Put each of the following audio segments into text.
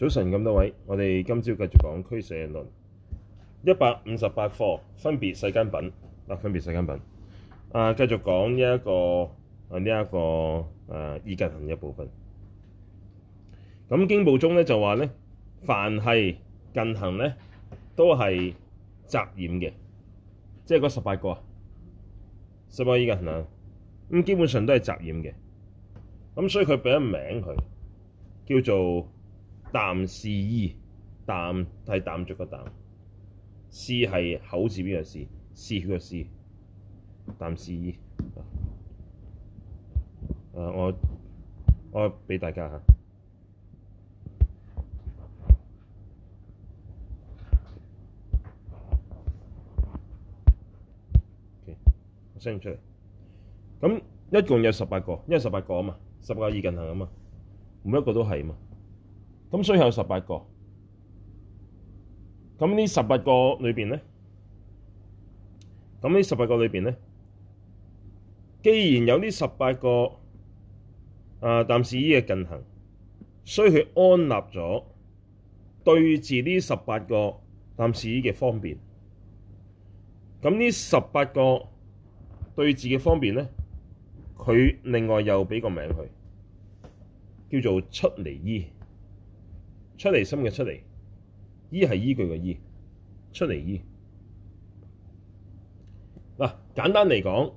早晨咁多位，我哋今朝繼續講俱舍論一百五十八課，分別世間品，嗱分別世間品。啊，繼、啊、續講呢一個呢、啊、一個誒意、啊、近行嘅部分。咁經部中咧就話咧，凡係近行咧都係雜染嘅，即係嗰十八個十八意近行咁，基本上都係雜染嘅。咁所以佢俾個名佢叫做。耽嗜依，耽係耽着個耽，嗜係口字邊個嗜，嗜血個嗜，耽嗜依。誒，我我俾大家吓，好，聲出嚟，咁一共有十八個，因為十八個啊嘛，十八個依近行啊嘛，每一個都係啊嘛。咁所以有十八個，咁呢十八個裏面咧，咁呢十八個裏面咧，既然有呢十八個啊，耽嗜依嘅近行，所以佢安立咗對治呢十八個耽嗜依嘅方便。咁呢十八個對治嘅方便咧，佢另外又俾個名佢叫做出離依。出離心嘅出離，依係依據嘅依，出離依。嗱、啊，簡單嚟講，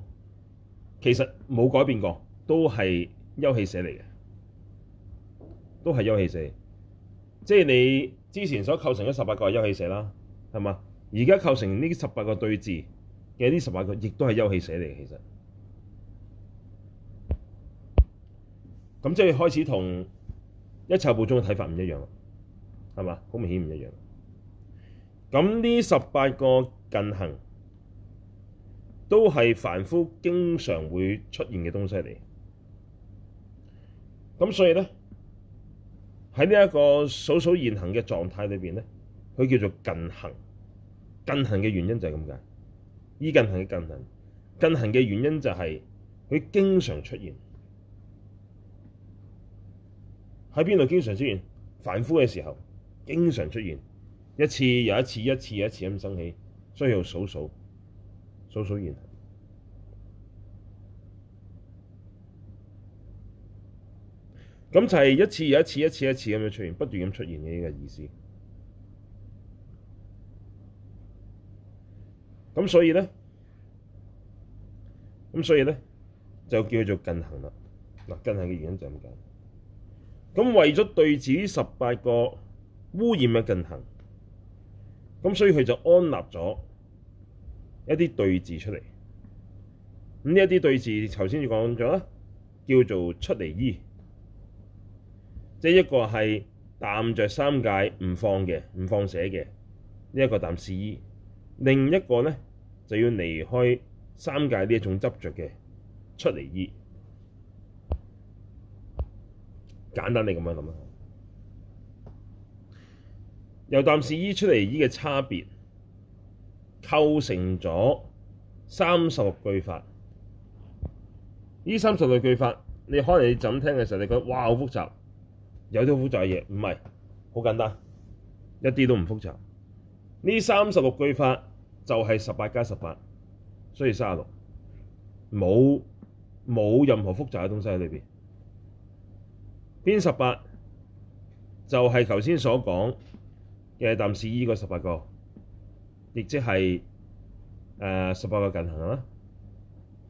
其實冇改變過，都係憂喜捨嚟嘅，都係憂喜捨。即係你之前所構成嘅十八個係憂喜捨啦，係嘛？而家構成呢十八個對治嘅呢十八個，亦都係憂喜捨嚟嘅。其實，咁即係開始同一切有部中嘅睇法唔一樣係嘛？好明顯唔一樣。咁呢十八個近行都係凡夫經常會出現嘅東西嚟。咁所以咧，喺呢一個數數現行嘅狀態裏邊咧，佢叫做近行。近行嘅原因就係咁解。依近行嘅近行，近行嘅原因就係佢經常出現。喺邊度經常出現？凡夫嘅時候。經常出現一次又一次，一次又一次咁生起，所以要數數，數數現行咁，就係一次又一次，一次一次咁樣出現，不斷咁出現嘅呢個意思咁。所以咧咁，所以咧就叫做近行啦。嗱，近行嘅原因就咁解咁。咁為咗對治十八個污染嘅近行，咁所以佢就安立咗一啲對治出嚟。咁呢一啲對治頭先就講咗啦，叫做出離依，即係一個係耽著三界唔放嘅，唔放捨嘅呢一個耽嗜依；另一個咧就要離開三界呢一種執着嘅出離依。簡單你咁樣諗啊！由耽嗜依出離依嘅差別構成咗三十六句法。呢三十六句法，你可能你診聽嘅時候，你覺得哇好複雜，有啲好複雜嘅嘢，唔係好簡單，一啲都唔複雜。呢三十六句法就係十八加十八，所以卅六冇冇任何複雜嘅東西喺裏邊。篇十八就係頭先所講嘅耽嗜依嗰十八個，亦即係誒十八個近行啦，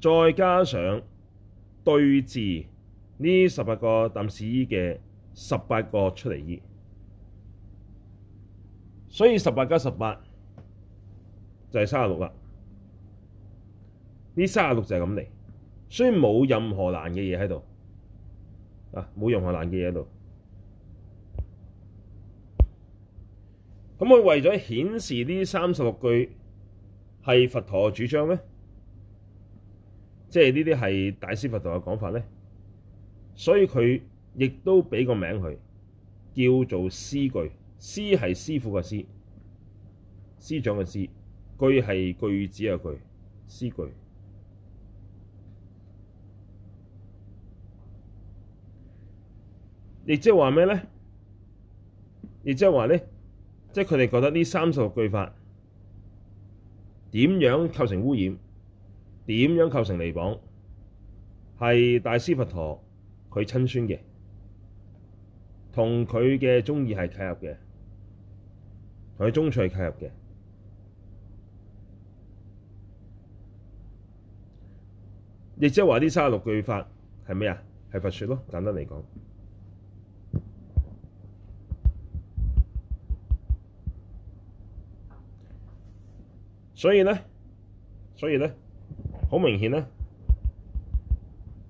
再加上對治呢十八個耽嗜依嘅十八個出離依，所以十八加十八就係三十六啦。呢三十六就係咁嚟，所以冇任何難嘅嘢喺度啊，冇任何難嘅嘢喺度。咁佢為咗顯示呢三十六句係佛陀嘅主張呢，即係呢啲係大師佛陀嘅講法咧，所以佢亦都俾個名佢叫做師句。師係師傅嘅師，師長嘅師，句係句子嘅句，師句。亦即係話咩咧？亦即係話咧？即係佢哋覺得呢三十六句法點樣構成污染，點樣構成離綁，係大師佛陀佢親宣嘅，同佢嘅宗義係契合嘅，同佢宗趣係契合嘅，亦即係話呢三十六句法係咩啊？係佛説咯，簡單嚟講。所以呢，所以呢，好明顯咧，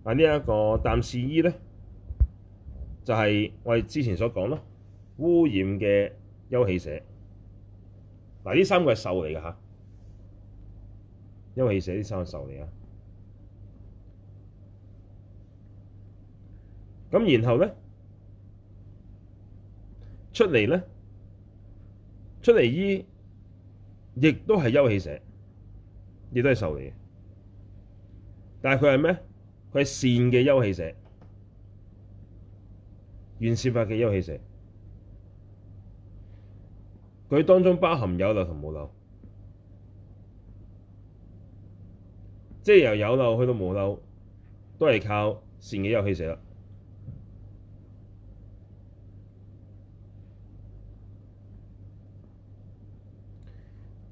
喺呢一個耽嗜依呢，就係、是、我哋之前所講咯，污染嘅憂喜捨，嗱，呢三個係受嚟嘅嚇，憂喜捨呢三個受嚟啊，咁然後咧，出離咧，出離依，亦都係憂喜捨，亦都係受嚟嘅。但係佢係咩？佢係善嘅憂喜捨，完善法嘅憂喜捨。佢當中包含有漏同冇漏，即係由有漏去到冇漏，都係靠善嘅憂喜捨啦。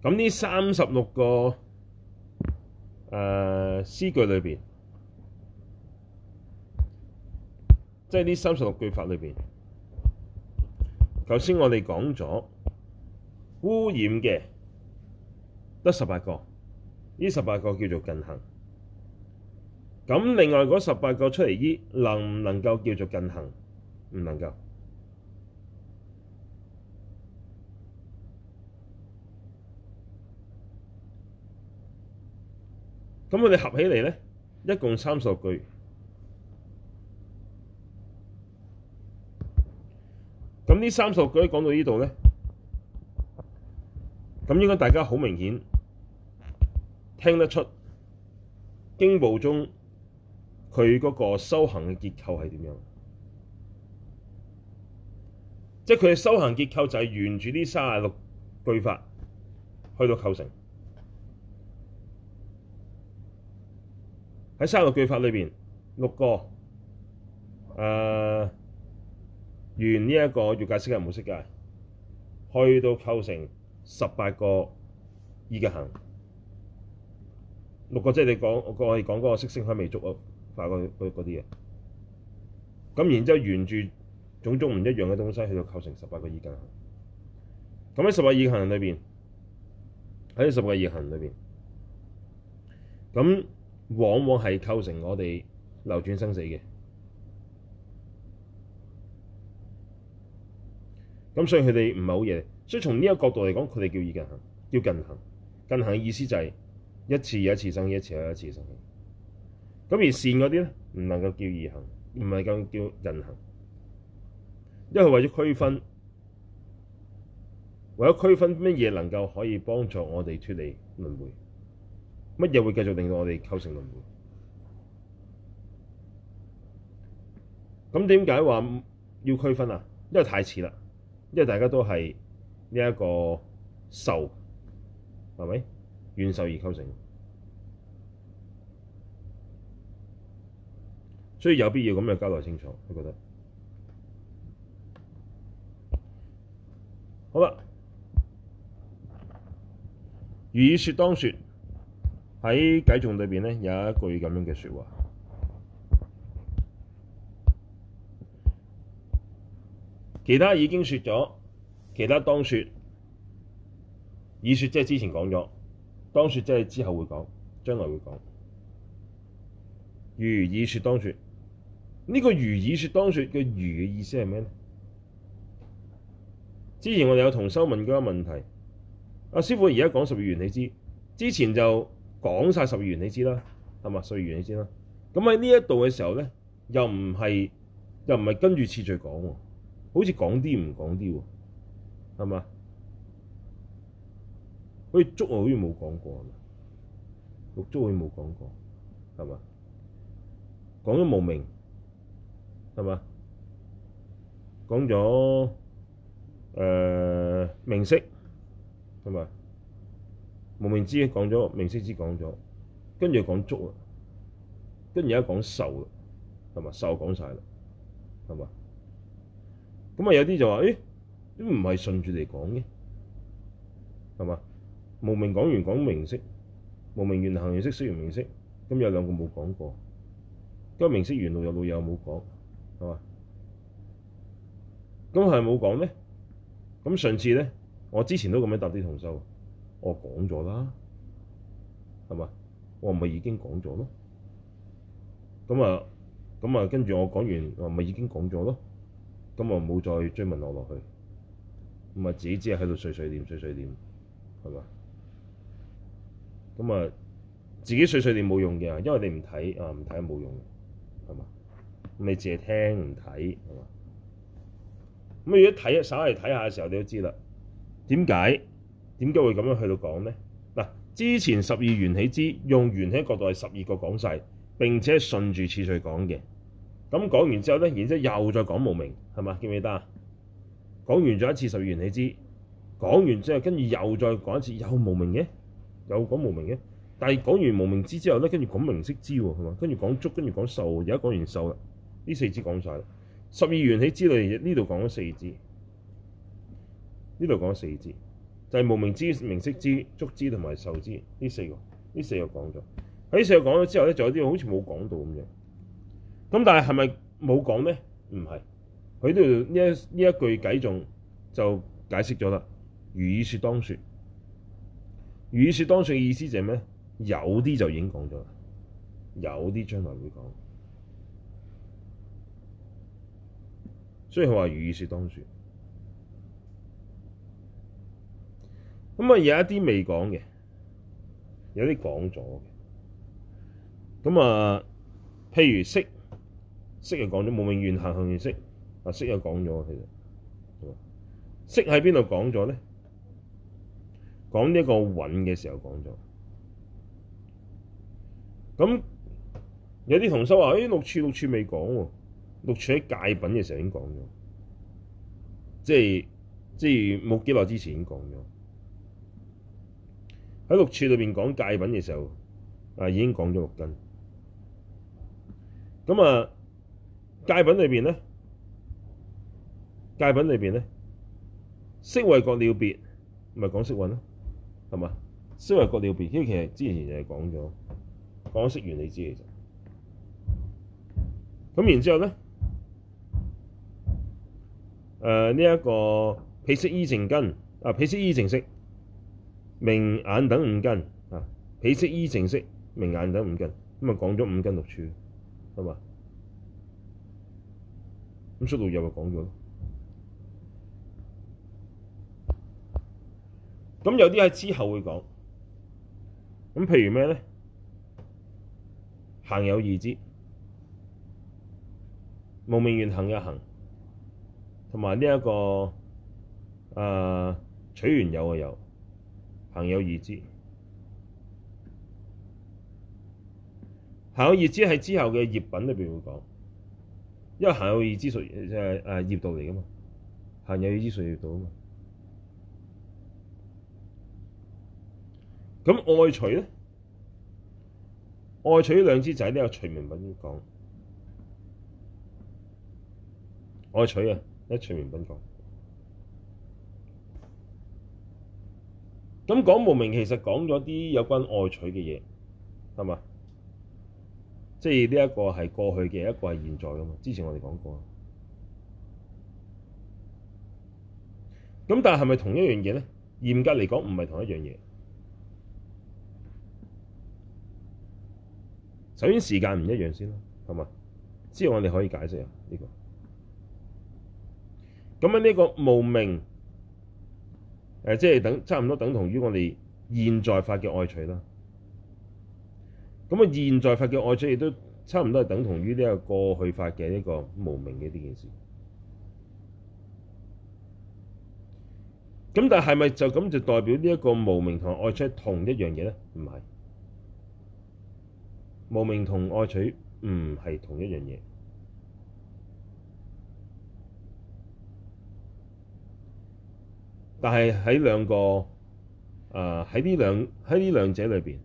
咁呢三十六個誒師、呃、句裏面，即係呢三十六句法裏面。頭先我哋講咗污染嘅得十八個，呢十八個叫做近行。咁另外嗰十八個出離依能唔能夠叫做近行？唔能夠。咁我哋合起嚟咧，一共三十六句。咁呢三十六句講到呢度咧，咁應該大家好明顯聽得出，經部中佢嗰個修行嘅結構係點樣？即係佢嘅修行結構就係沿住呢三十六句法去到構成。喺三十六句法裏邊，六個誒、啊，沿呢一個粵介式嘅模式㗎，去到構成十八個意近行，六個即係你講我我哋講嗰個色聲香味觸嘅法嗰嗰啲嘢，咁然之後沿住種種唔一樣嘅東西去到構成十八個意近行，咁喺十八意近行裏邊，喺十八意近行裏邊，咁。往往係構成我哋流轉生死嘅，咁所以佢哋唔係好嘢，所以從呢一個角度嚟講，佢哋叫意行，叫近行。近行嘅意思就係、是、一次又一次生，一次又一次生。咁而善嗰啲咧，唔能夠叫意行，唔係咁叫近行，因為為咗區分，為咗區分乜嘢能夠可以幫助我哋脫離輪迴。乜嘢會繼續令到我哋構成輪迴？咁點解話要區分啊？因為太似啦，因為大家都係呢一個仇，係咪怨仇而構成？所以有必要咁樣交代清楚，你覺得。好啦，餘已說當說。喺《偈眾》裏邊咧，有一句咁樣嘅説話，其他已經説咗，其他當説；已説即係之前講咗，當説即係之後會講，將來會講。如已説當説，呢、這個如已説當説嘅如嘅意思係咩咧？之前我哋有同修問嗰個問題，阿師傅而家講十二緣，你知之前就。講曬十二緣你知啦，係嘛？十二緣你知啦。咁喺呢一度嘅時候咧，又唔係，又唔係跟住次序講喎，好似講啲唔講啲喎，係嘛？好似觸，好似冇講過，六觸好似冇講過，係嘛？講咗無明，係嘛？講咗誒名色，係嘛？無明支講咗，名色支講咗，跟住講觸啦，跟住而家講受啦，係嘛？受講晒啦，係嘛？咁啊有啲就話，誒、欸，都唔係順住嚟講嘅，係嘛？無明講完講名色，無明緣行緣色說完名色，咁有兩個冇講過，咁名色緣路有路又冇講，係嘛？咁係冇講咩？咁上次咧，我之前都咁樣答啲同修。我講咗啦，係嘛？我唔係已經講咗咯。咁啊，咁啊，跟住我講完，我唔係已經講咗咯。咁啊，冇再追問我落去，唔係自己只係喺度碎碎念，碎碎念，係嘛？咁啊，自己碎碎念冇用嘅，因為你唔睇啊，唔睇冇用，係嘛？咁你只係聽唔睇，係嘛？咁你如果睇稍為睇下嘅時候，你都知啦。點解？點解會咁樣去到講咧？嗱，之前十二緣起支用緣起角度係十二個講晒，並且係順住次序講嘅。咁講完之後咧，然之後又再講無明係嘛？記唔記得啊？講完咗一次十二緣起支，講完之後跟住又再講一次又無明嘅，又講無明嘅。但係講完無明支之後咧，跟住講名色支喎，跟住講觸，跟住講受。而家講完受啦，呢四支講晒啦。十二緣起之之之之之支嚟，呢度講咗四支，呢度講咗四支。就係、是、無明支、名色支、觸支同埋受支呢四個，呢四個講咗。喺四個講咗之後咧，仲有啲好似冇講到咁樣。咁但係係咪冇講咧？唔係，佢呢呢一呢一句偈仲就解釋咗啦。餘已說當說，餘已說當說嘅意思就係咩？有啲就已經講咗，有啲將來會講。所以話餘已說當說。咁啊，有一啲未講嘅，有啲講咗嘅。咁啊，譬如識，識又講咗無明緣行行緣識，啊識又講咗其實，識喺邊度講咗咧？講呢一個蘊嘅時候講咗。咁有啲同修話，誒六處六處未講喎，六處喺界、啊、品嘅時候已經講咗，即係即係冇幾耐之前已經講咗。喺六處裏邊講界品嘅時候，啊已經講咗六根。咁啊，界品裏邊咧，界品裏邊咧，識謂各了別，咪講識蘊咯，係嘛？識謂各了別，因為其實之前就係講咗，講識蘊你知其實。咁然之後咧，誒呢一個彼識依淨根，啊彼識依淨色。名眼等五根啊，彼識依淨色名眼等五根咁啊，講咗五根六處，係嘛？咁速度又咪講咗咯，咁有啲喺之後會講，咁譬如咩咧？行有二支，無明緣行一行，同埋呢一個誒、啊、取緣有啊有。行有二支，行有二支喺之後嘅業品裏邊會講，因為行有二支屬誒誒業道嚟噶嘛，行有二支屬業道啊嘛。咁愛取咧，愛取呢兩支仔都有隨眠品講，愛取啊，一隨眠品講。咁講無明其實講咗啲有關愛取嘅嘢，係嘛？即係呢一個係過去嘅，一個係現在㗎嘛。之前我哋講過。咁但係係咪同一樣嘢咧？嚴格嚟講唔係同一樣嘢。首先時間唔一樣先啦，係嘛？之後我哋可以解釋啊呢個。咁喺呢個無明。誒即係等差唔多等同於我哋現在法嘅愛取啦。咁啊，現在法嘅愛取亦都差唔多係等同於呢一個過去法嘅呢個無明嘅呢件事。咁但係咪就咁就代表呢一個無明同愛取係同一樣嘢咧？唔係，無明同愛取唔係同一樣嘢。但係喺兩個，啊喺呢兩喺呢兩者裏邊，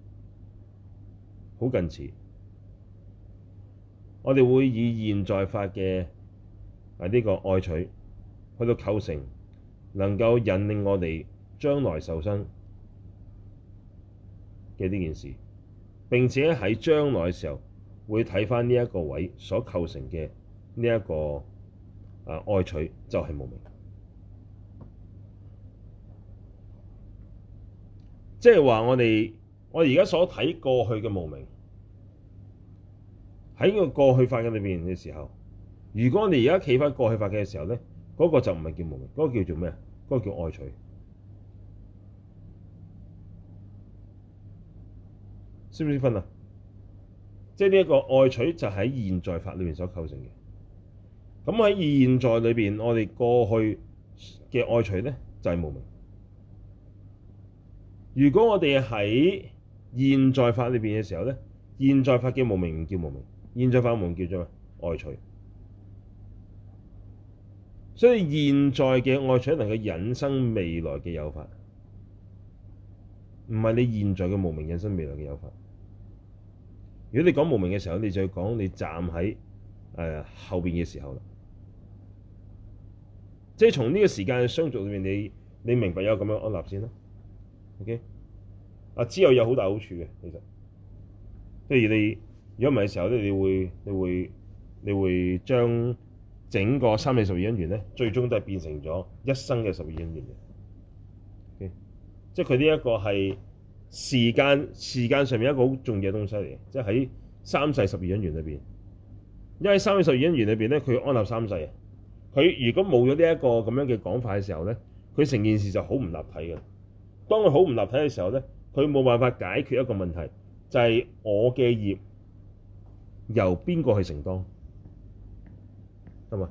好近似。我哋會以現在法嘅啊呢個愛取去到構成，能夠引領我哋將來受生嘅呢件事。並且喺將來嘅時候，會睇翻呢一個位所構成嘅呢一個啊愛取，就係無明。即係話，我哋我而家所睇過去嘅無明，喺個過去法嘅裏邊嘅時候，如果我哋而家企翻過去法嘅時候咧，嗰個就唔係叫無明，嗰個叫做咩啊？嗰個叫愛取，識唔識分啊？即係呢一個愛取就喺現在法裏邊所構成嘅。咁喺現在裏邊，我哋過去嘅愛取咧就係無明。如果我哋喺現在法裏邊嘅時候咧，現在法嘅無明唔叫無明。現在法嘅無明叫做咩？愛取。所以現在嘅愛取能夠引生未來嘅有法，唔係你現在嘅無明引生未來嘅有法。如果你講無明嘅時候，你就講你站喺誒、呃、後邊嘅時候啦。即係從呢個時間的相續裏邊，你你明白有咁樣的安立先啦。O.K. 啊，之後有好大好處嘅，其實，譬如你如果唔係時候咧，你會你會你會將整個三世十二因緣咧，最終都係變成咗一生嘅十二因緣嘅。Okay? 即係佢呢一個係時間時間上面一個好重要嘅東西嚟嘅，即係喺三世十二因緣裏邊。因為三世十二因緣裏邊咧，佢安立三世啊。佢如果冇咗呢一個咁樣嘅講法嘅時候咧，佢成件事就好唔立體嘅。當佢好唔立體嘅時候咧，佢冇辦法解決一個問題，就係我嘅業由邊個去承當，係嘛？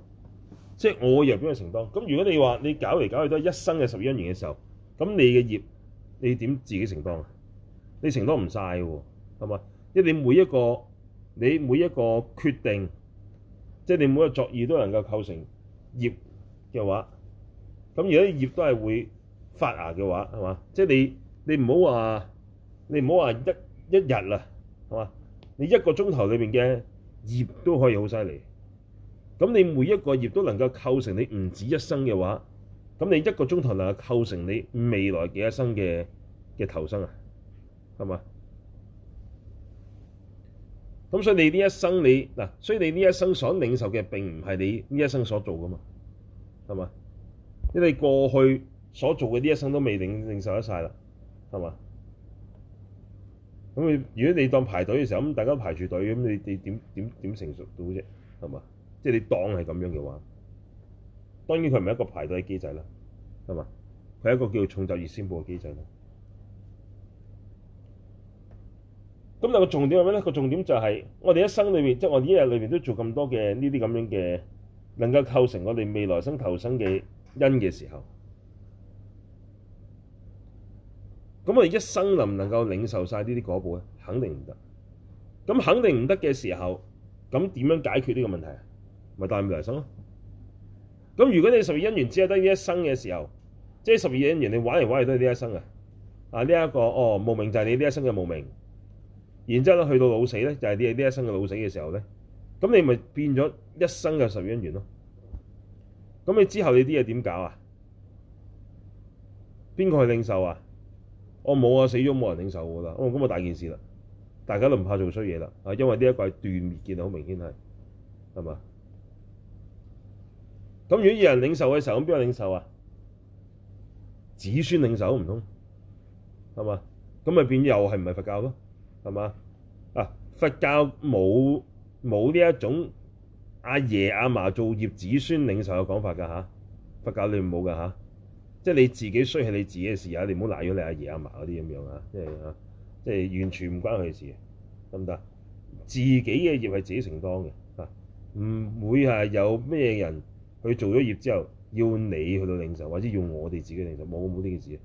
即係我由邊個承當？咁如果你話你搞嚟搞去都係一生嘅十二因緣嘅時候，咁你嘅業你點自己承當啊？你承當唔曬嘅喎，係嘛？因為你每一個你每一個決定，即係你每一個作業都能夠構成業嘅話，咁如果啲業都係會。發芽嘅話，係嘛？即係你你唔好話，你唔好話一一日啊，係嘛？你一個鐘頭裏面嘅業都可以好犀利。咁你每一個業都能夠構成你唔止一生嘅話，咁你一個鐘頭能夠構成你未來幾一生嘅嘅投生啊，係嘛？咁所以你呢一生你嗱，所以你呢一生所領受嘅並唔係你呢一生所做噶嘛，係嘛？因為過去。所做嘅呢一生都未領領受得晒啦，係嘛？咁你如果你當排隊嘅時候，咁大家排住隊，咁你你點點點成熟到啫？係嘛？即係你當係咁樣嘅話，當然佢唔係一個排隊嘅機制啦，係嘛？佢係一個叫做重就業先報嘅機制啦。咁、那、兩個重點係咩咧？個重點就係、是、我哋一生裏面，即、就、係、是、我哋一日裏面都做咁多嘅呢啲咁樣嘅，能夠構成我哋未來生投生嘅因嘅時候。咁我哋一生能唔能夠領受曬呢啲果報咧？肯定唔得。咁肯定唔得嘅時候，咁點樣解決呢個問題啊？咪帶唔嚟生咯。咁如果你十二因緣只係得呢一生嘅時候，即係十二因緣你玩嚟玩去都係呢一生啊。啊呢一個哦，無明就係你呢一生嘅無明。然之後去到老死咧，就係你呢一生嘅老死嘅時候咧。咁你咪變咗一生嘅十二因緣咯。咁你之後你啲嘢點搞啊？邊個去領受啊？我、哦、冇啊，死咗冇人領受噶啦。哦咁，啊大件事啦，大家都唔怕做衰嘢啦，啊因為呢一季斷滅見到好明顯係，係嘛？咁如果有人領受嘅時候，咁邊個領受啊？子孫領受唔通係嘛？咁咪變又係唔係佛教咯？係嘛？啊佛教冇冇呢一種阿爺阿嫲做業子孫領受嘅講法㗎吓、啊？佛教你冇㗎吓？啊。即係你自己衰係你自己嘅事啊！你唔好賴咗你阿爺阿嫲嗰啲咁樣啊！即係嚇，即係完全唔關佢事，得唔得？自己嘅業係自己承當嘅，嚇，唔會係有咩人去做咗業之後要你去到領受，或者要我哋自己領受，冇冇呢件事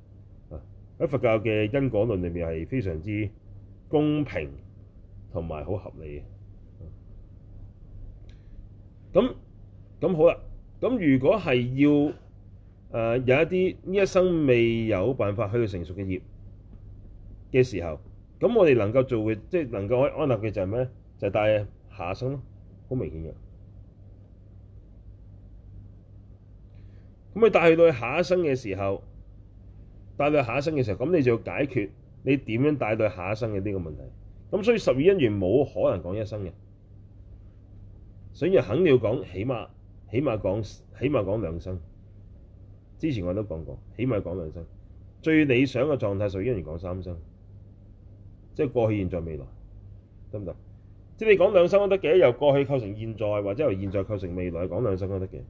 啊。喺佛教嘅因果論裏面係非常之公平同埋好合理嘅。咁咁好啦，咁如果係要誒、呃、有一啲呢一生未有辦法去成熟嘅業嘅時候，咁我哋能夠做嘅，即係能夠可以安樂嘅就係咩咧？就是、帶下一生咯，好明顯嘅。咁你帶去到下一生嘅時候，帶到下一生嘅時候，咁你就要解決你點樣帶到下一生嘅呢個問題。咁所以十二因緣冇可能講一生嘅，所以肯定要講，起碼起碼講，起碼講兩生。之前我都講過，起碼講兩聲。最理想嘅狀態屬於講三聲，即係過去、現在、未來，得唔得？即係你講兩聲都得嘅，由過去構成現在，或者由現在構成未來，講兩聲都得嘅。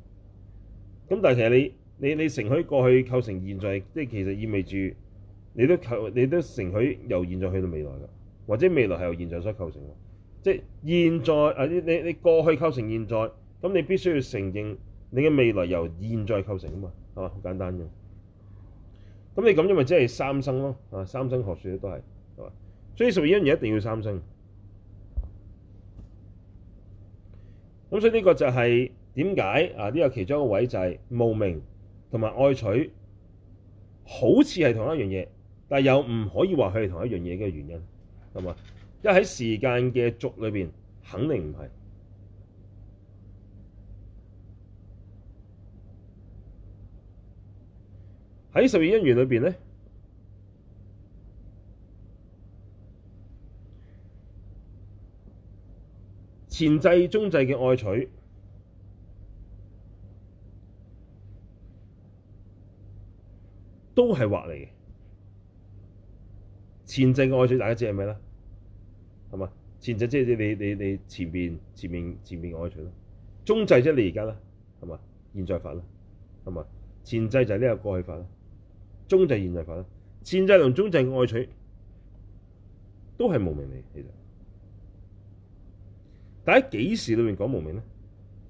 咁但係其實你你你，你承許過去構成現在，即係其實意味住你都構你都承許由現在去到未來㗎，或者未來係由現在所構成。即係現在或者你你過去構成現在，咁你必須要承認。你嘅未來由現在構成啊嘛？係嘛，好簡單嘅。咁你咁，因為即係三生咯，啊三生學說都係，係嘛。所以十二因緣一定要三生。咁所以呢個就係點解啊？呢、這個其中一個位就係、是、無明同埋愛取，好似係同一樣嘢，但係又唔可以話佢係同一樣嘢嘅原因，係嘛？因為喺時間嘅軸裏邊，肯定唔係。喺十二因緣裏邊咧，前際、中際嘅愛取都係惑嚟嘅。前際嘅愛取大家知係咩啦？係嘛？前際即係你你你前邊前面前面嘅愛取咯，中際即係你而家啦，係嘛？現在法啦，係嘛？前際就係呢個過去法啦。中際現代法、現在法咧，前際同中際嘅愛取都係無明嚟，其實是。但喺幾時裏邊講無明咧？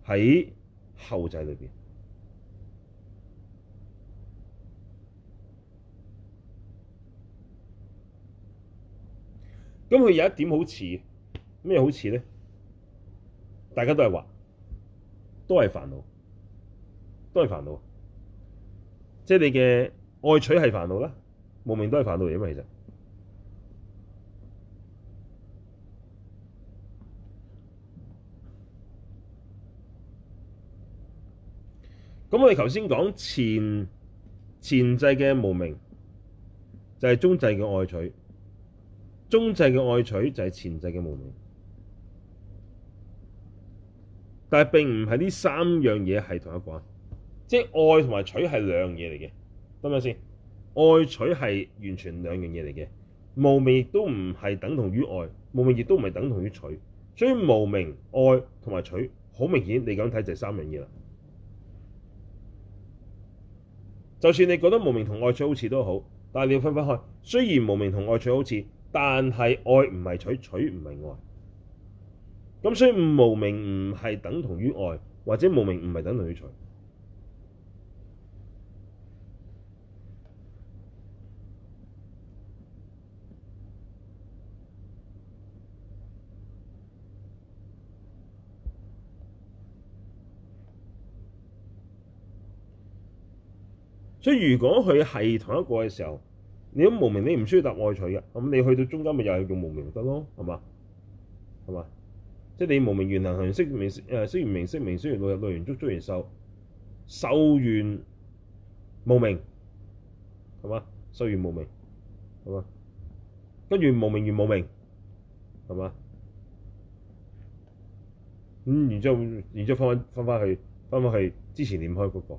喺後際裏邊。咁佢有一點好似咩？好似咧，大家都係話，都係煩惱，都係煩惱，即、就、係、是、你嘅。愛取係煩惱啦，無明都係煩惱嚟啊嘛，其實。咁我哋頭先講前前際嘅無明就係、是、中際嘅愛取，中際嘅愛取就係前際嘅無明。但係並唔係呢三樣嘢係同一個啊，即係愛同埋取係兩樣嘢嚟嘅。係咪先？愛取係完全兩樣嘢嚟嘅，無明亦都唔係等同於愛，無明亦都唔係等同於取。所以無明、愛同埋取，好明顯你咁睇就係三樣嘢啦。就算你覺得無明同愛取好似都好，但係你要分分開。雖然無明同愛取好似，但係愛唔係取，取唔係愛。咁所以無明唔係等同於愛，或者無明唔係等同於取。所以如果佢係同一個嘅時候，你咁無明，你唔需要搭外取嘅，咁你去到中間咪又係用無明得咯，是吧，係嘛？係嘛？即係你無明緣能行，識名名識完名，識名，識完入入完觸，觸完受，受完無明，係嘛？受完無明，係嘛？跟住無明完無明，係嘛？咁然之後，然之後返返返返去，返返去之前點開嗰個。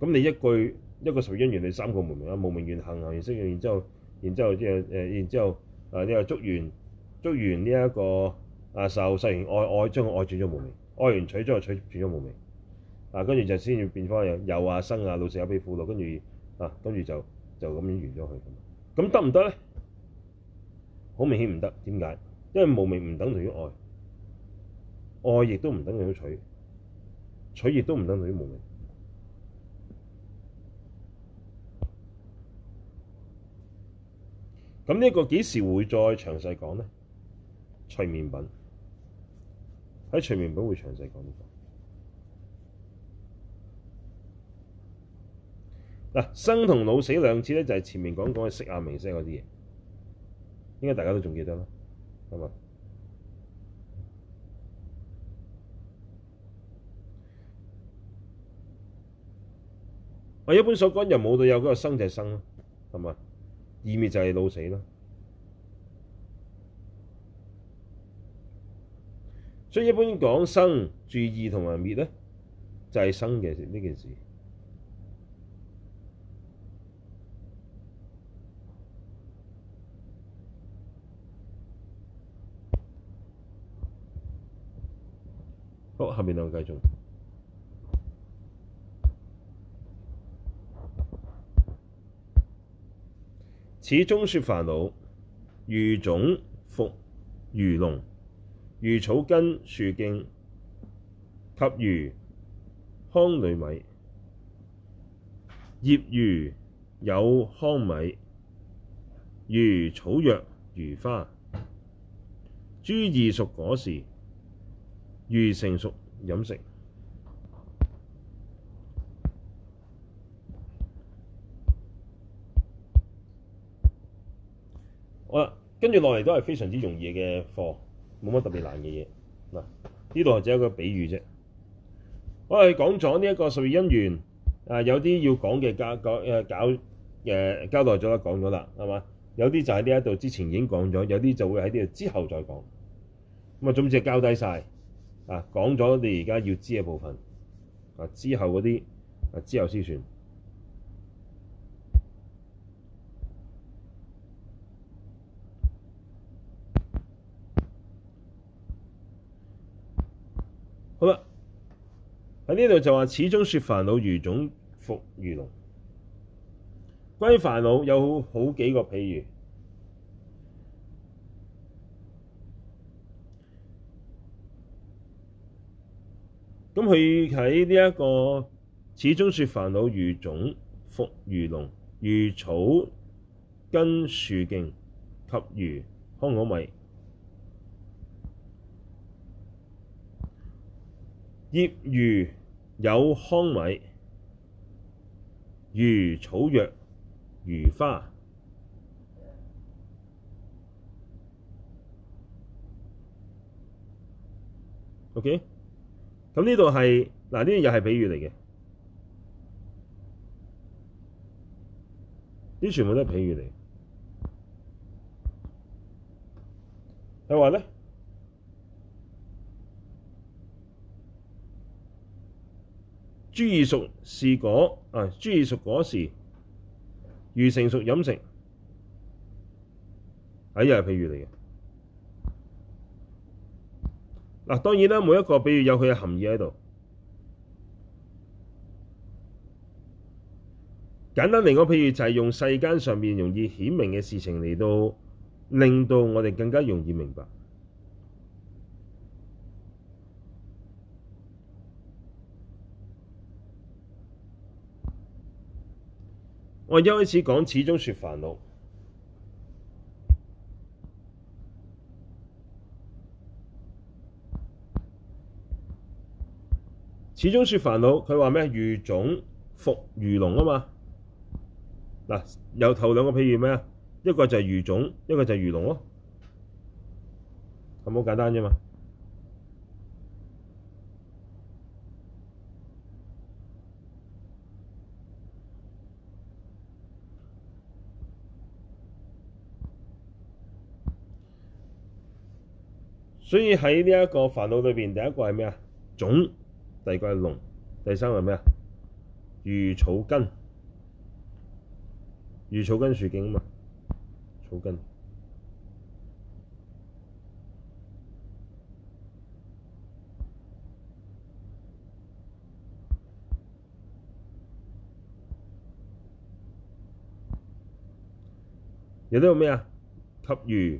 咁你一句一個十因元你三個無明啊，無明緣行行緣識然之後，然之後即係誒，然之後，然後，然後，然後，然後啊，你話捉完捉完呢、這、一個啊受世，完愛將愛將個愛轉咗無名，愛完取咗，個轉咗無名。啊，跟住就先要變翻有又啊生啊老死有悲苦啊，跟住啊，跟住就就咁樣完咗去。咁得唔得咧？好明顯唔得，點解？因為無明唔等同於愛，愛亦都唔等同於取，取亦都唔等同於無明。咁呢個個幾時會再詳細講呢？隨眠品喺隨眠品會詳細講呢、這個。嗱，生同老死兩次呢，就係前面講講嘅識呀名色嗰啲嘢，應該大家都仲記得啦，係咪？我一般所講又冇到有嗰個生就係生咯，係咪？意滅就係老死咯，所以一般講生、住異同埋滅咧，就係、是、生嘅呢件事。好，下面兩句繼續。此中說煩惱，如種服魚、復如龍，如草根、樹莖，及如糠裹米，業如有糠米，如草藥、如花，諸異熟果事，如成熟飲食。啊，跟住落嚟都係非常之容易嘅課，冇乜特別難嘅嘢。嗱，呢度只係一個比喻啫。我哋講咗呢一個十二因緣，啊，有啲要講嘅交講交代咗啦，講咗啦，係嘛？有啲就喺呢一度之前已經講咗，有啲就會喺呢度之後再講。咁啊，總之係交低曬啊，講咗你而家要知嘅部分啊，之後嗰啲啊，之後先算。喺呢度就話，此中說煩惱如種復如龍。關於煩惱有好，好幾個譬如，咁佢喺呢一個此中說煩惱如種復如龍，如草根樹莖及如糠裹，裹米」。業如有糠米，如草藥，如花。OK，咁呢度係嗱，呢啲又係比喻嚟嘅，呢啲全部都係比喻嚟。係話咧。諸異熟事果，啊，諸異熟果事，如成熟飲食，哎呀，是譬如嚟嘅。嗱、啊，當然啦，每一個譬如有佢嘅含義喺度。簡單嚟講，譬如就係、是、用世間上面容易顯明嘅事情嚟到，令到我哋更加容易明白。我一開始講此中說煩惱，此中說煩惱。佢話咩？如種復如龍啊嘛。嗱，有頭兩個譬如咩啊？一個就係如種，一個就係如龍咯、啊。咁好簡單啫嘛。所以喺呢一個煩惱裏邊，第一個係咩啊？種，第二個係龍，第三個係咩啊？如草根，如草根樹莖啊嘛，草根有。有啲有咩啊？及如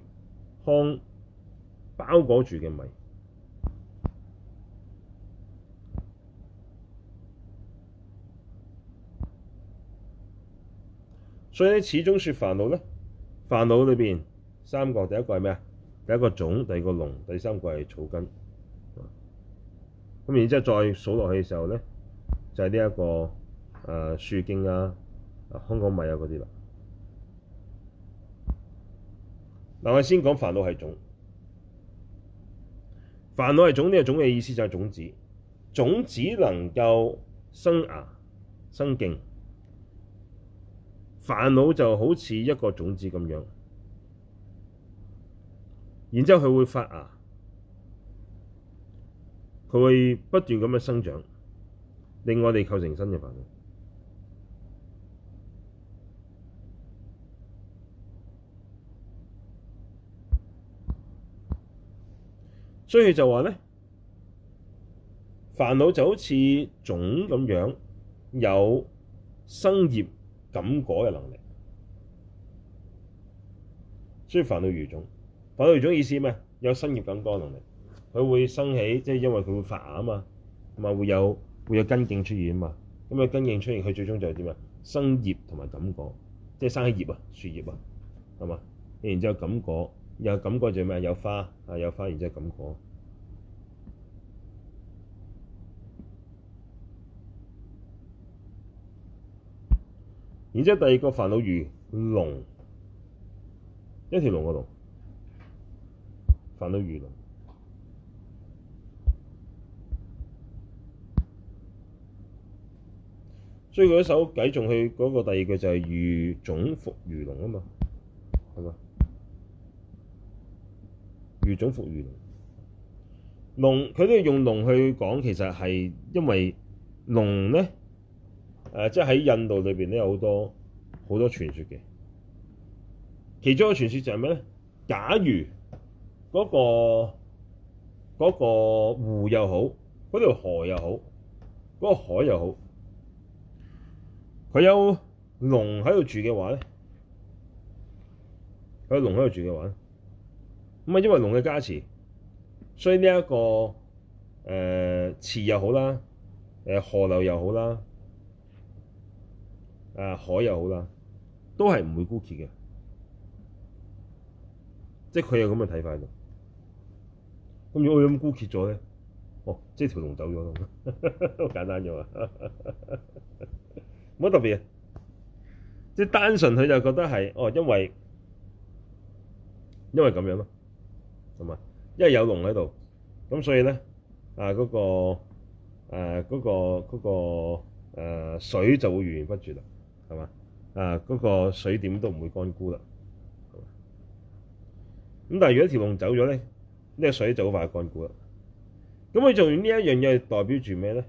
糠包裹住嘅米，所以咧，始終説煩惱咧，煩惱裏邊三個，第一個係咩啊？第一個種，第二個龍，第三個係草根。咁然之後再數落去嘅時候咧，就係呢一個誒樹莖啊、糠裹米啊嗰啲啦。嗱，我先講煩惱係種。煩惱係種呢個種嘅意思就係種子，種子能夠生芽生莖。煩惱就好似一個種子咁樣，然之後佢會發芽，佢會不斷咁樣生長，令我哋構成新嘅煩惱。所以就話咧，煩惱就好似種咁樣有生葉、感果嘅能力，所以煩惱如種。煩惱如種意思咩？有生葉、感果能力，佢會生起，即係因為佢會發芽啊嘛，同埋會有會有根莖出現啊嘛。咁啊根莖出現，佢最終就係點啊？生葉同埋感果，即係生起葉啊、樹葉啊，係嘛？然之後感果。有感覺，仲咩？有花，有花，然之後感覺。然之後第二個煩惱如龍，一條龍個龍，煩惱如龍。所以佢一首偈仲去嗰、嗰個第二句就係如種復如龍啊嘛，係嘛？如種復如龍佢都要用龍去講，其實係因為龍咧，誒、呃，即係喺印度裏邊咧有好多好多傳說嘅。其中一個傳說就係咩咧？假如嗰、嗰個嗰個湖又好，嗰條河又好，嗰個海又好，佢有龍喺度住嘅話咧，佢有龍喺度住嘅話咧。咁啊，因為龍嘅加持，所以呢一個誒池又好啦，誒河流又好啦，誒海又好啦，都係唔會枯竭嘅。即係佢有咁嘅睇法。咁如果佢咁枯竭咗咧，哦，即係條龍走咗咯，好 簡單啫嘛，冇 乜特別。即係單純佢就覺得係，哦，因為因為咁樣咯。同埋，因為有龍喺度，咁所以咧，啊嗰個，誒嗰個嗰個誒水就會源源不絕啦，係嘛？啊嗰個水點都唔會乾枯啦。咁但係如果條龍走咗咧，呢個水就好快乾枯啦。咁佢做完呢一樣嘢，代表住咩咧？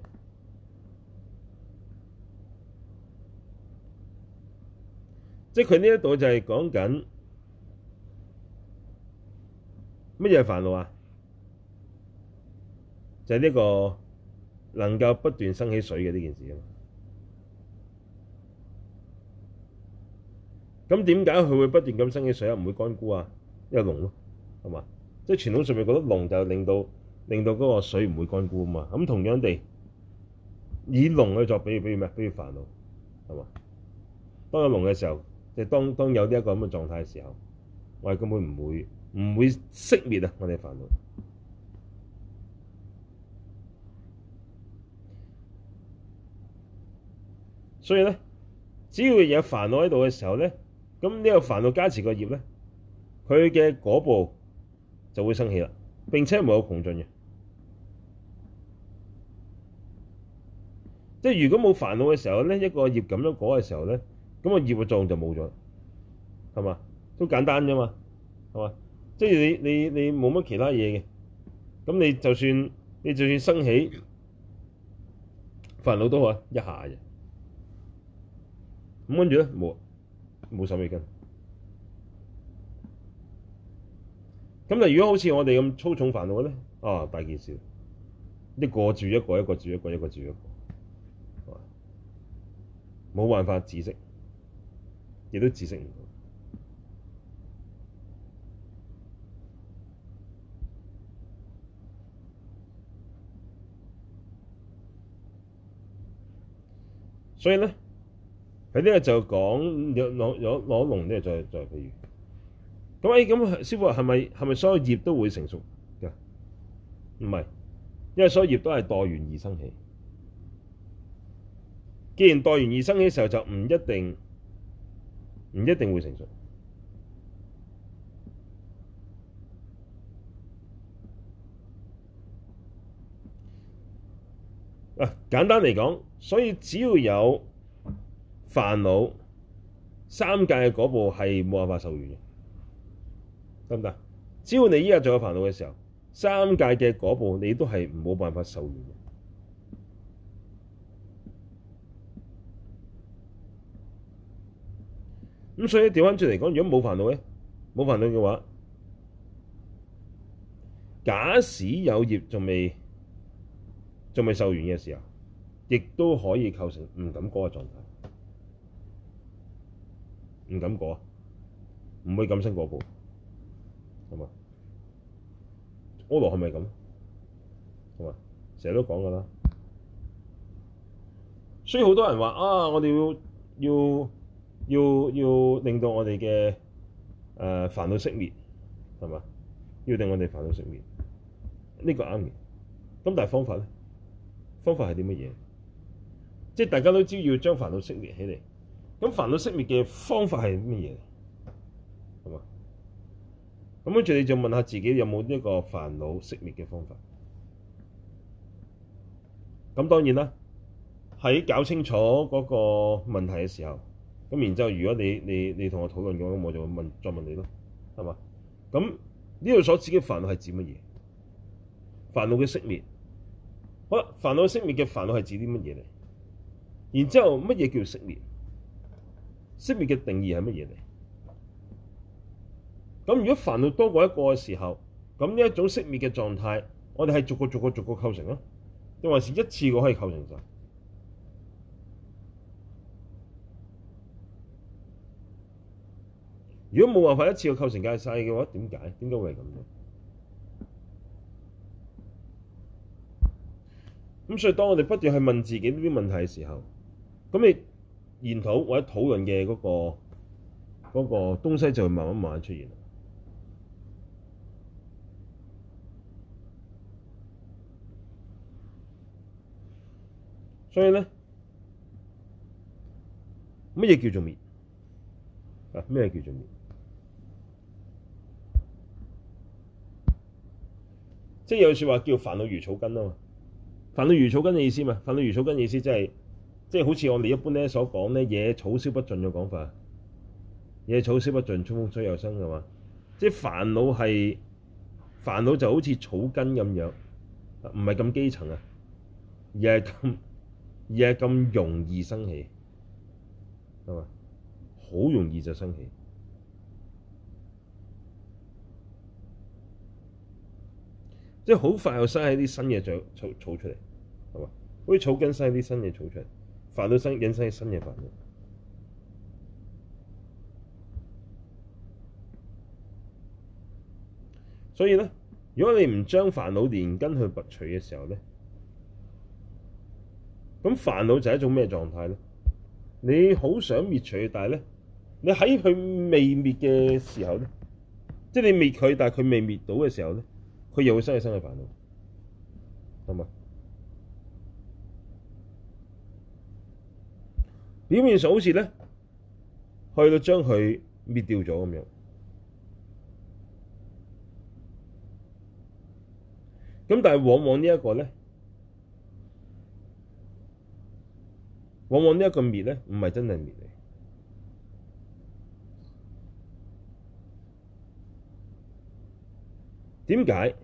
即係佢呢一度就係講緊。乜嘢係煩惱啊？就呢個能夠不斷生起水嘅呢件事啊！咁點解佢會不斷咁生起水啊？唔會乾枯啊？因為龍咯，係嘛？即係傳統上面覺得龍就令到令到嗰個水唔會乾枯啊嘛。咁同樣地，以龍去作比喻，比喻咩？比喻煩惱係嘛？當有龍嘅時候，即係當當有呢一個咁嘅狀態嘅時候，我係根本唔會，唔會熄滅啊！我哋嘅煩惱，所以咧，只要有煩惱喺度嘅時候咧，咁呢個煩惱加持個業咧，佢嘅果報就會生起啦。並且唔會窮盡嘅，即係如果冇煩惱嘅時候咧，一個業咁樣果嘅時候咧，咁個業嘅作用就冇咗，係嘛？都簡單啫嘛，係嘛？即係你你你冇乜其他嘢嘅，咁你就算你就算生起煩惱都好啊，一下嘅，咁跟住咧冇冇手尾根。咁但如如果好似我哋咁粗重煩惱咧，啊大件事，一個住一個一個住一個一個住一個，冇、啊、辦法止息，亦都止息唔到。所以咧，喺呢個就講有攞有攞龍咧，再再譬如咁誒，咁師傅係咪係咪所有業都會成熟嘅？唔係，因為所有業都係待緣而生起。既然待緣而生起嘅時候，就唔一定唔一定會成熟。啊，簡單嚟講。所以只要有煩惱，三界嘅果報係冇辦法受完嘅，得唔得？只要你依家仲有煩惱嘅時候，三界嘅果報你都係冇辦法受完嘅。咁所以調返轉嚟講，如果冇煩惱咧，冇煩惱嘅話，假使有業仲未仲未受完嘅時候。亦都可以構成唔敢過嘅狀態，唔敢過，唔會咁升過半，係嘛？烏龍係咪咁？係嘛？成日都講噶啦，所以好多人話啊，我哋要要要要令到我哋嘅誒煩惱熄滅，係嘛？要令我哋煩惱熄滅，呢個啱嘅。咁但係方法咧，方法係啲乜嘢？即係大家都知要將煩惱熄滅起嚟，咁煩惱熄滅嘅方法係乜嘢？係嘛？咁跟住你就問下自己有冇呢個煩惱熄滅嘅方法？咁當然啦，喺搞清楚嗰個問題嘅時候，咁然之後如果你你你同我討論咗，我就問再問你咯，係嘛？咁呢度所指嘅煩惱係指乜嘢？煩惱嘅熄滅，好啦，煩惱熄滅嘅煩惱係指啲乜嘢咧？然之後，乜嘢叫做息滅？息滅嘅定義係乜嘢嚟？咁如果煩惱多過一個嘅時候，咁呢一種息滅嘅狀態，我哋係逐個逐個逐個構成咯，定還是一次過可以構成晒？如果冇辦法一次過構成界勢嘅話，點解？點解會係咁嘅。咁所以，當我哋不斷去問自己呢啲問題嘅時候，咁你研討或者討論嘅嗰、那個嗰、那個、東西就會慢慢慢慢出現。所以咧，乜嘢叫做滅啊？咩叫做滅？即係有句話叫煩惱如草根啊嘛，煩惱如草根嘅意思嘛，煩惱如草根嘅意思即係。即係好似我哋一般咧所講咧，野草燒不盡嘅講法，野草燒不盡，春風吹又生，係嘛？即係煩惱係煩惱就好似草根咁樣，唔係咁基層啊，而係咁而係咁容易生起。係嘛？好容易就生起，即係好快又生起啲新嘢草草，草出嚟，係嘛？好似草根生啲新嘢草出嚟。煩惱生引生起新嘅煩惱，所以咧，如果你唔將煩惱連根去拔除嘅時候咧，咁煩惱就係一種咩狀態咧？你好想滅除，但係咧，你喺佢未滅嘅時候咧，即係你滅佢，但係佢未滅到嘅時候咧，佢又會生起新嘅煩惱，係咪？表面上好似咧去到將佢滅掉咗咁樣，咁但係往往呢一個咧，往往呢一個滅咧，唔係真正滅嚟。點解？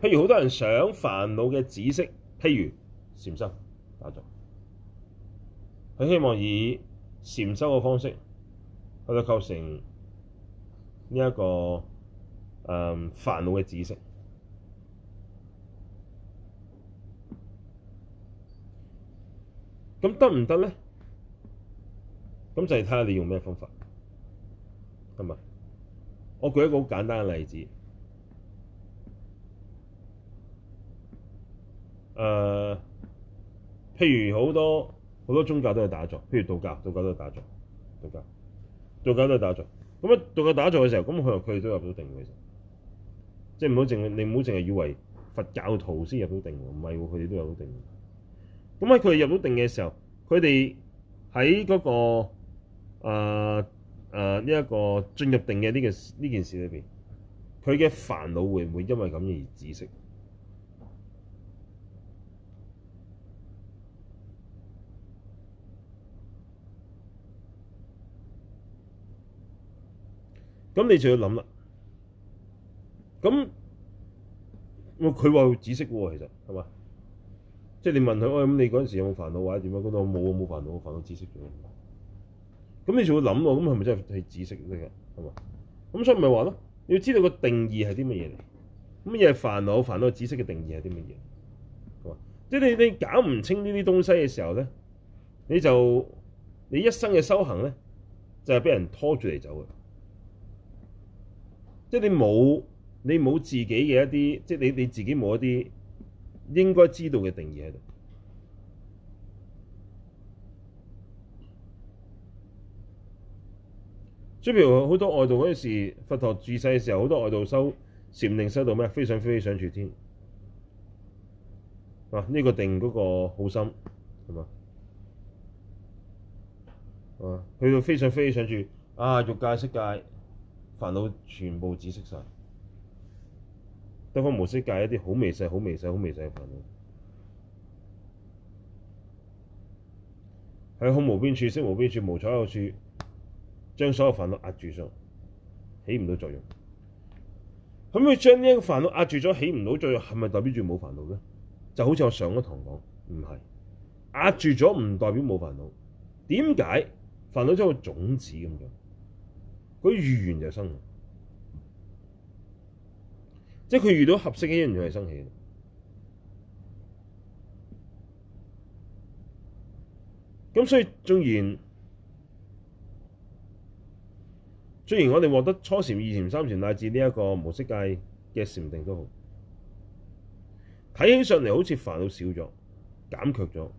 譬如好多人想煩惱嘅紫色，譬如禪心善。打住。佢希望以禪修嘅方式去到構成呢、這、一個誒、嗯、煩惱嘅止息，咁得唔得咧？咁就係睇下你用咩方法。今日我舉一個好簡單嘅例子，誒、呃，譬如好多。好多宗教都係打坐，譬如道教，道教都係打坐。道教，道教都係打坐。咁啊，道教打坐嘅時候，咁佢話佢哋都入到定嘅，其實，即係唔好淨你唔好淨係以為佛教徒先入到定，唔係喎，佢哋都入到定。咁喺佢哋入到定嘅時候，佢哋喺嗰個誒誒、呢一個進入定嘅呢個呢件事裏邊，佢嘅煩惱會唔會因為咁而止息？咁你就要諗啦。咁佢話止息喎，其實係嘛？即係你問佢，喂，我咁你嗰陣時有冇煩惱或者點樣？嗰度冇啊，冇煩惱，我煩惱止息啫。咁你就會諗咯。咁係咪真係係止息嚟嘅？係嘛？咁所以咪話咯，你要知道個定義係啲乜嘢嚟？乜嘢煩惱？煩惱止息嘅定義係啲乜嘢？係嘛？即係你你搞唔清呢啲東西嘅時候咧，你就你一生嘅修行咧，就係俾人拖住嚟走嘅。即係你冇，你冇自己嘅一啲，即係你你自己冇一啲應該知道嘅定義喺度。即譬如好多外道嗰陣時，佛陀住世嘅時候，好多外道修禪定，修到咩？非想非非想天。啊，呢、這個定嗰、那個好深，係嘛？啊，去到非想非非想啊，欲界色界。煩惱全部止息晒，德方無色界一啲好微細、好微細、好微細嘅煩惱，喺空無邊處、識無邊處、無所有處，將所有煩惱壓住上，起唔到作用。咁佢將呢一個煩惱壓住咗，起唔到作用，係咪代表住冇煩惱咧？就好似我上一堂講，唔係壓住咗唔代表冇煩惱。點解煩惱將個種子咁樣？佢遇緣就生，即係佢遇到合適嘅因素係生起。咁所以，雖然雖然我哋獲得初禪、二禪、三禪乃至呢一個無色界嘅禪定都好，睇起上嚟好似煩惱少咗、減卻咗，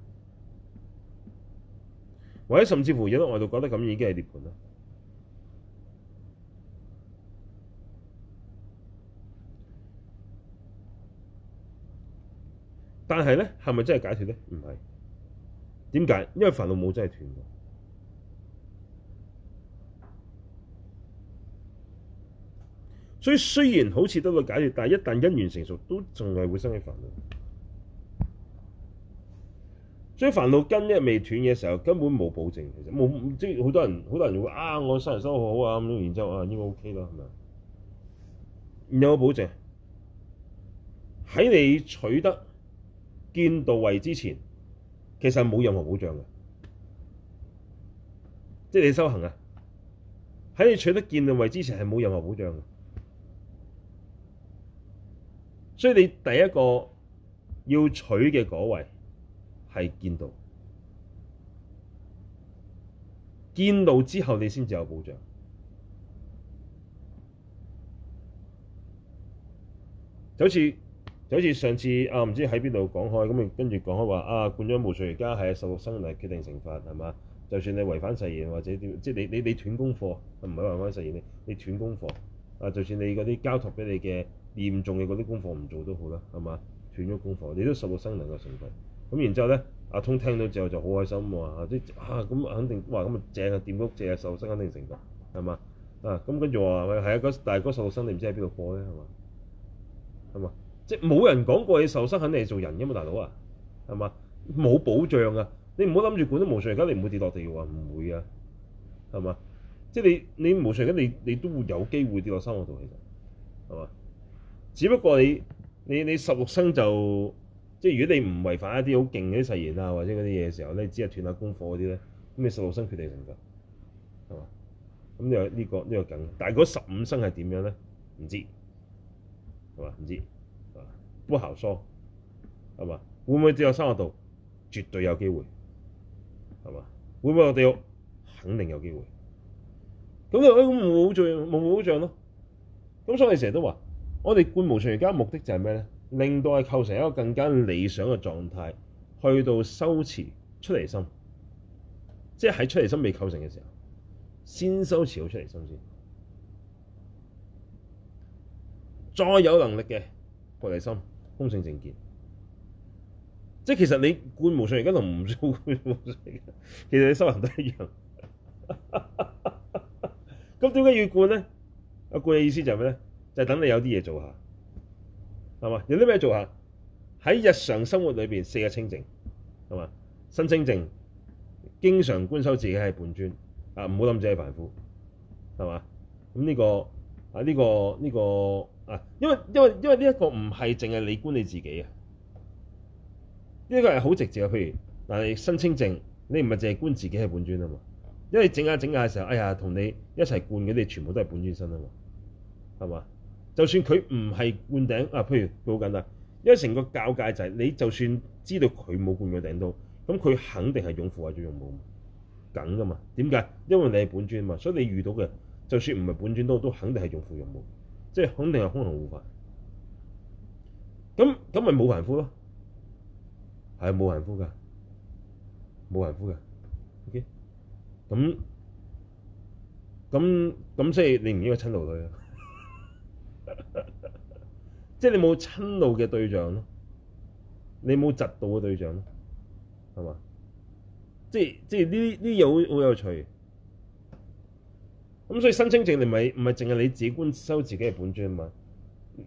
或者甚至乎有啲外道覺得咁已經係涅盤啦。但係咧，係咪真係解脫咧？唔係。點解？因為煩惱冇真係斷過，所以雖然好似都會解脫，但係一旦因緣成熟，都仲係會生起煩惱。所以煩惱根一未斷嘅時候，根本冇保證。其實冇即係好多人，好多人會啊，我生人生活好啊咁，然之後啊應該 OK 咯，係咪有冇保證？喺你取得見道位之前，其實冇任何保障嘅，即係你修行啊，喺你取得見道位之前係冇任何保障嘅，所以你第一個要取嘅嗰位係見道。見道之後你先至有保障，就好似。就好似上次啊，唔知喺邊度講開咁，跟住講開話啊。冠章無罪，而家係受學生嚟決定懲罰，係嘛？就算你違反誓言或者點，即係你你你斷功課，唔係違反誓言，你你斷功課啊，就算你嗰啲交託俾你嘅嚴重嘅嗰啲功課唔做都好啦，係嘛？斷咗功課，你都受學生嚟嘅懲罰。咁然之後咧，阿、啊、聰聽到之後就好開心喎，即係啊咁、啊、肯定哇咁啊正啊，點、那、屋、個，借啊，受學生嚟決定懲罰係嘛啊？咁跟住話係啊，但係嗰個受學生你唔知喺邊度過咧係嘛？係嘛？即係冇人講過，你受生肯定係做人㗎嘛，大佬啊，係嘛，冇保障啊！你唔好諗住管得無常，而家你唔會跌落地㗎喎，唔會啊，係嘛？即係你你無常而家你你都會有機會跌落三惡道，其實係嘛？只不過你你你十六生就即係如果你唔違反一啲好勁嗰啲誓言啊或者嗰啲嘢嘅時候咧，你只係斷下功課嗰啲咧，咁你十六生決定成就係嘛？咁呢個呢個呢個梗，但係嗰十五生係點樣咧？唔知係嘛？唔知。波猴梳係嘛？會唔會只有三十度？絕對有機會係嘛？會唔會落地獄？肯定有機會。咁啊，咁冇做冇冇像咯。咁所以成日都話，我哋觀無常而家目的就係咩咧？令到係構成一個更加理想嘅狀態，去到修持出離心，即係喺出離心未構成嘅時候，先修持好出離心先，再有能力嘅出離心。空性正見，即係其實你灌無上而家同唔做灌無上嘅，其實你修行都一樣的。咁點解要灌咧？啊灌嘅意思就係咩咧？就係、是、等你有啲嘢做下，係嘛？有啲咩做下？喺日常生活裏邊四個清淨，係嘛？身清淨，經常觀修自己係半尊，啊唔好諗自己係凡夫，係嘛？咁呢、這個。啊！呢、這個呢、這個啊，因為因為因為呢一個唔係淨係你觀你自己嘅，呢、這個係好直接嘅。譬如，但係，身清淨，你唔係淨係觀自己係本尊啊嘛。因為整下整下嘅時候，哎呀，同你一齊灌嘅，你全部都係本尊身啊嘛，係嘛？就算佢唔係灌頂啊，譬如好簡單，因為成個教界就係、是、你，就算知道佢冇灌過頂刀，咁佢肯定係用父或者用母梗噶嘛。點解？因為你係本尊啊嘛，所以你遇到嘅。就算唔係本尊都都肯定係用父用母，即係肯定係空行護法。咁咁咪冇凡夫咯？係冇凡夫噶，冇凡夫噶。O K，咁咁咁所以你唔應該親路女，即係你冇親路嘅對象咯，你冇窒到嘅對象咯，係嘛？即係即係呢啲呢啲好好有趣。咁所以申請證你唔係唔係淨係你自己觀修自己嘅本尊啊嘛？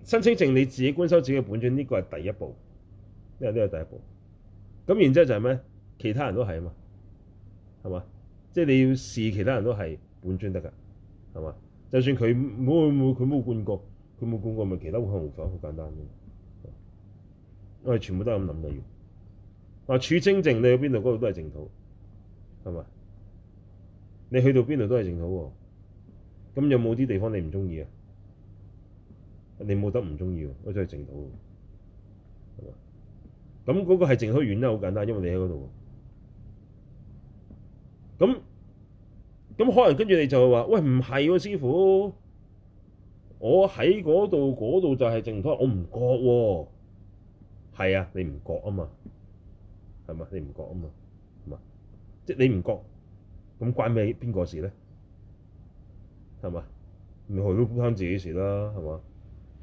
申請證你自己觀修自己嘅本尊，呢個係第一步，呢個呢個第一步。咁然之後就係咩？其他人都係啊嘛，係嘛？即係你要視其他人都係本尊得㗎，係嘛？就算佢冇冇佢冇灌過，佢冇灌過，咪其他冇可能法，好簡單啫。我哋全部都係咁諗嘅要。啊，處正正你去邊度度都係淨土，係嘛？你去到邊度都係淨土喎。咁有冇啲地方你唔中意啊？你冇得唔中意，我真係靜到。咁嗰個係靜虛遠啦，好簡單，因為你喺嗰度。咁咁可能跟住你就會話，喂，唔係喎，師傅，我喺嗰度，嗰度就係靜虛，我唔覺喎、啊。係啊，你唔覺啊嘛？係嘛？你唔覺啊嘛？即係你唔覺，、啊、覺，咁關你邊個事咧？係嘛？咪去都關自己的事啦，係嘛？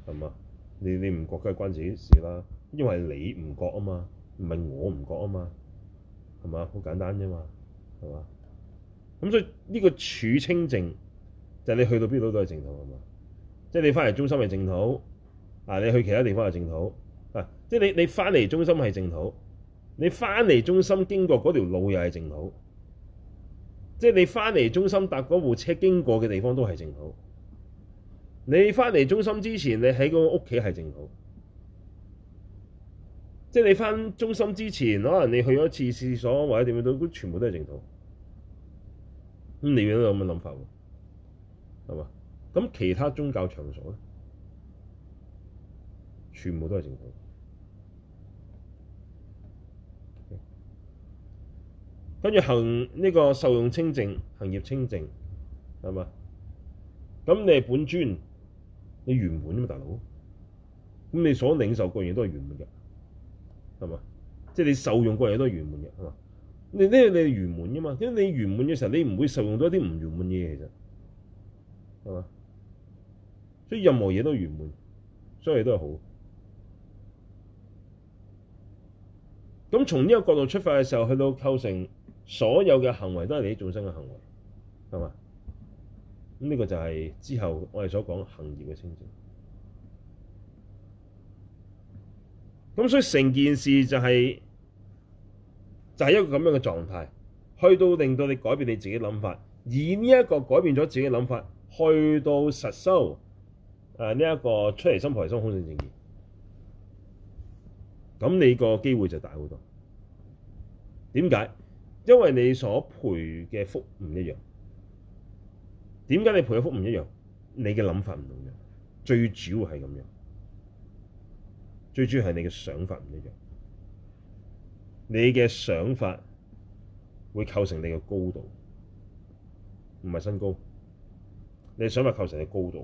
係嘛？你你唔覺梗係關自己的事啦，因為你唔覺啊嘛，唔係我唔覺啊嘛，係嘛？好簡單啫嘛，係嘛？咁所以呢個處清淨，就係、是、你去到邊度都係淨土啊嘛。即係、就是、你翻嚟中心係淨土啊，你去其他地方係淨土啊。即係、就是、你你翻嚟中心係淨土，你翻嚟中心經過嗰條路又係淨土。即係你翻嚟中心搭嗰部車經過嘅地方都係淨土，你翻嚟中心之前你喺個屋企係淨土，即係你翻中心之前可能你去咗一次廁所或者點樣都，全部都係淨土。咁你有冇咁嘅諗法？係嘛？咁其他宗教場所咧，全部都係淨土。跟住行呢個受用清淨，行業清淨，係嘛？咁你係本尊，你圓滿啫嘛，大佬。咁你所領受過嘢都係圓滿嘅，係嘛？即、就、係、是、你受用過嘢都係圓滿嘅，係嘛？你呢？你圓滿啫嘛？因為你圓滿嘅時候，你唔會受用到一啲唔圓滿嘢嘅實，係嘛？所以任何嘢都圓滿，所以都係好。咁從呢個角度出發嘅時候，去到構成。所有嘅行為都係你啲眾生嘅行為，係嘛？咁呢個就係之後我哋所講行業嘅清淨。咁所以成件事就係就係一個咁樣嘅狀態，去到令到你改變你自己諗法，而呢一個改變咗自己諗法，去到實修啊呢一個出離心和心空性正見，咁你個機會就大好多。點解？因為你所賠嘅福唔一樣，點解你賠嘅福唔一樣？你嘅諗法唔同樣，最主要係咁樣，最主要係你嘅想法唔一樣。你嘅想法會構成你嘅高度，唔係身高。你嘅想法構成你嘅高度。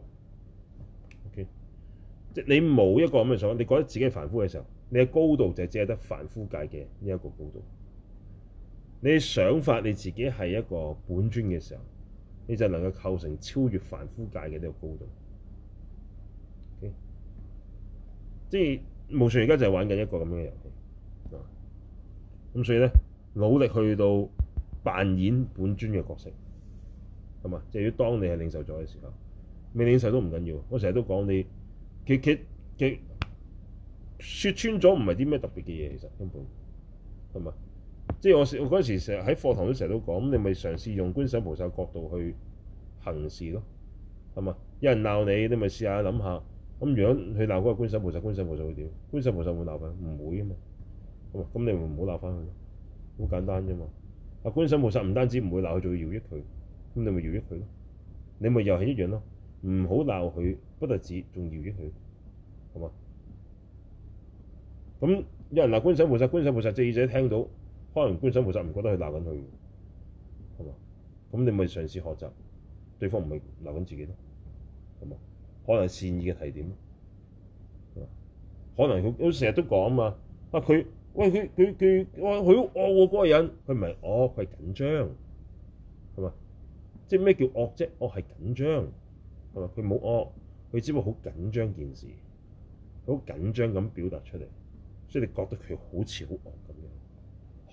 O K，即係你冇一個咁嘅想法。你覺得自己係凡夫嘅時候，你嘅高度就只係得凡夫界嘅呢一個高度。你想法，你自己係一個本尊嘅時候，你就能夠構成超越凡夫界嘅呢個高度。Okay? 即係無常而家就係玩緊一個咁樣嘅遊戲啊！咁所以咧，努力去到扮演本尊嘅角色，係嘛？就要當你係領袖咗嘅時候，未領袖都唔緊要。我成日都講你，其其其說穿咗唔係啲咩特別嘅嘢，其實根本係嘛？即係我我嗰陣時成日喺課堂都成日都講，咁你咪嘗試用觀想菩薩角度去行事咯，係嘛？有人鬧你，你咪試下諗下，咁樣佢鬧嗰個觀想菩薩，觀想菩薩會點？觀想菩薩會鬧㗎，唔會啊嘛。咁你咪唔好鬧翻佢，好簡單啫嘛。阿觀想菩薩唔單止唔會鬧佢，仲要搖曳佢。咁你咪搖曳佢咯，你咪又係一樣咯。唔好鬧佢，不得止仲搖曳佢，係嘛？咁有人鬧觀想菩，菩薩，觀想菩薩隻耳仔聽到。可能觀想負責唔覺得佢鬧緊佢，係嘛？咁你咪嘗試學習對方，唔係鬧緊自己咯，係嘛？可能善意嘅提點，係嘛？可能佢佢成日都講啊嘛，啊佢喂佢佢佢我佢好惡嗰個人，佢唔係惡，佢、哦、係緊張，係嘛？即係咩叫惡啫？惡係緊張，係嘛？佢冇惡，佢只不過好緊張件事，好緊張咁表達出嚟，所以你覺得佢好似好惡。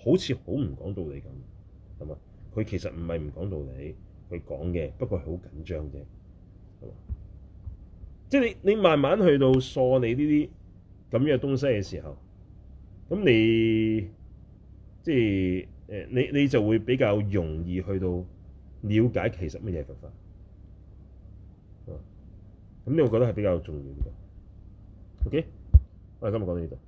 好似好唔講道理咁，係嘛？佢其實唔係唔講道理，佢講嘅不過係好緊張啫，係嘛？即係你你慢慢去到掃你呢啲咁樣東西嘅時候，咁你即係誒你你就會比較容易去到了解其實乜嘢佛法，係咁你我覺得係比較重要啲，OK？我哋今日講到呢度。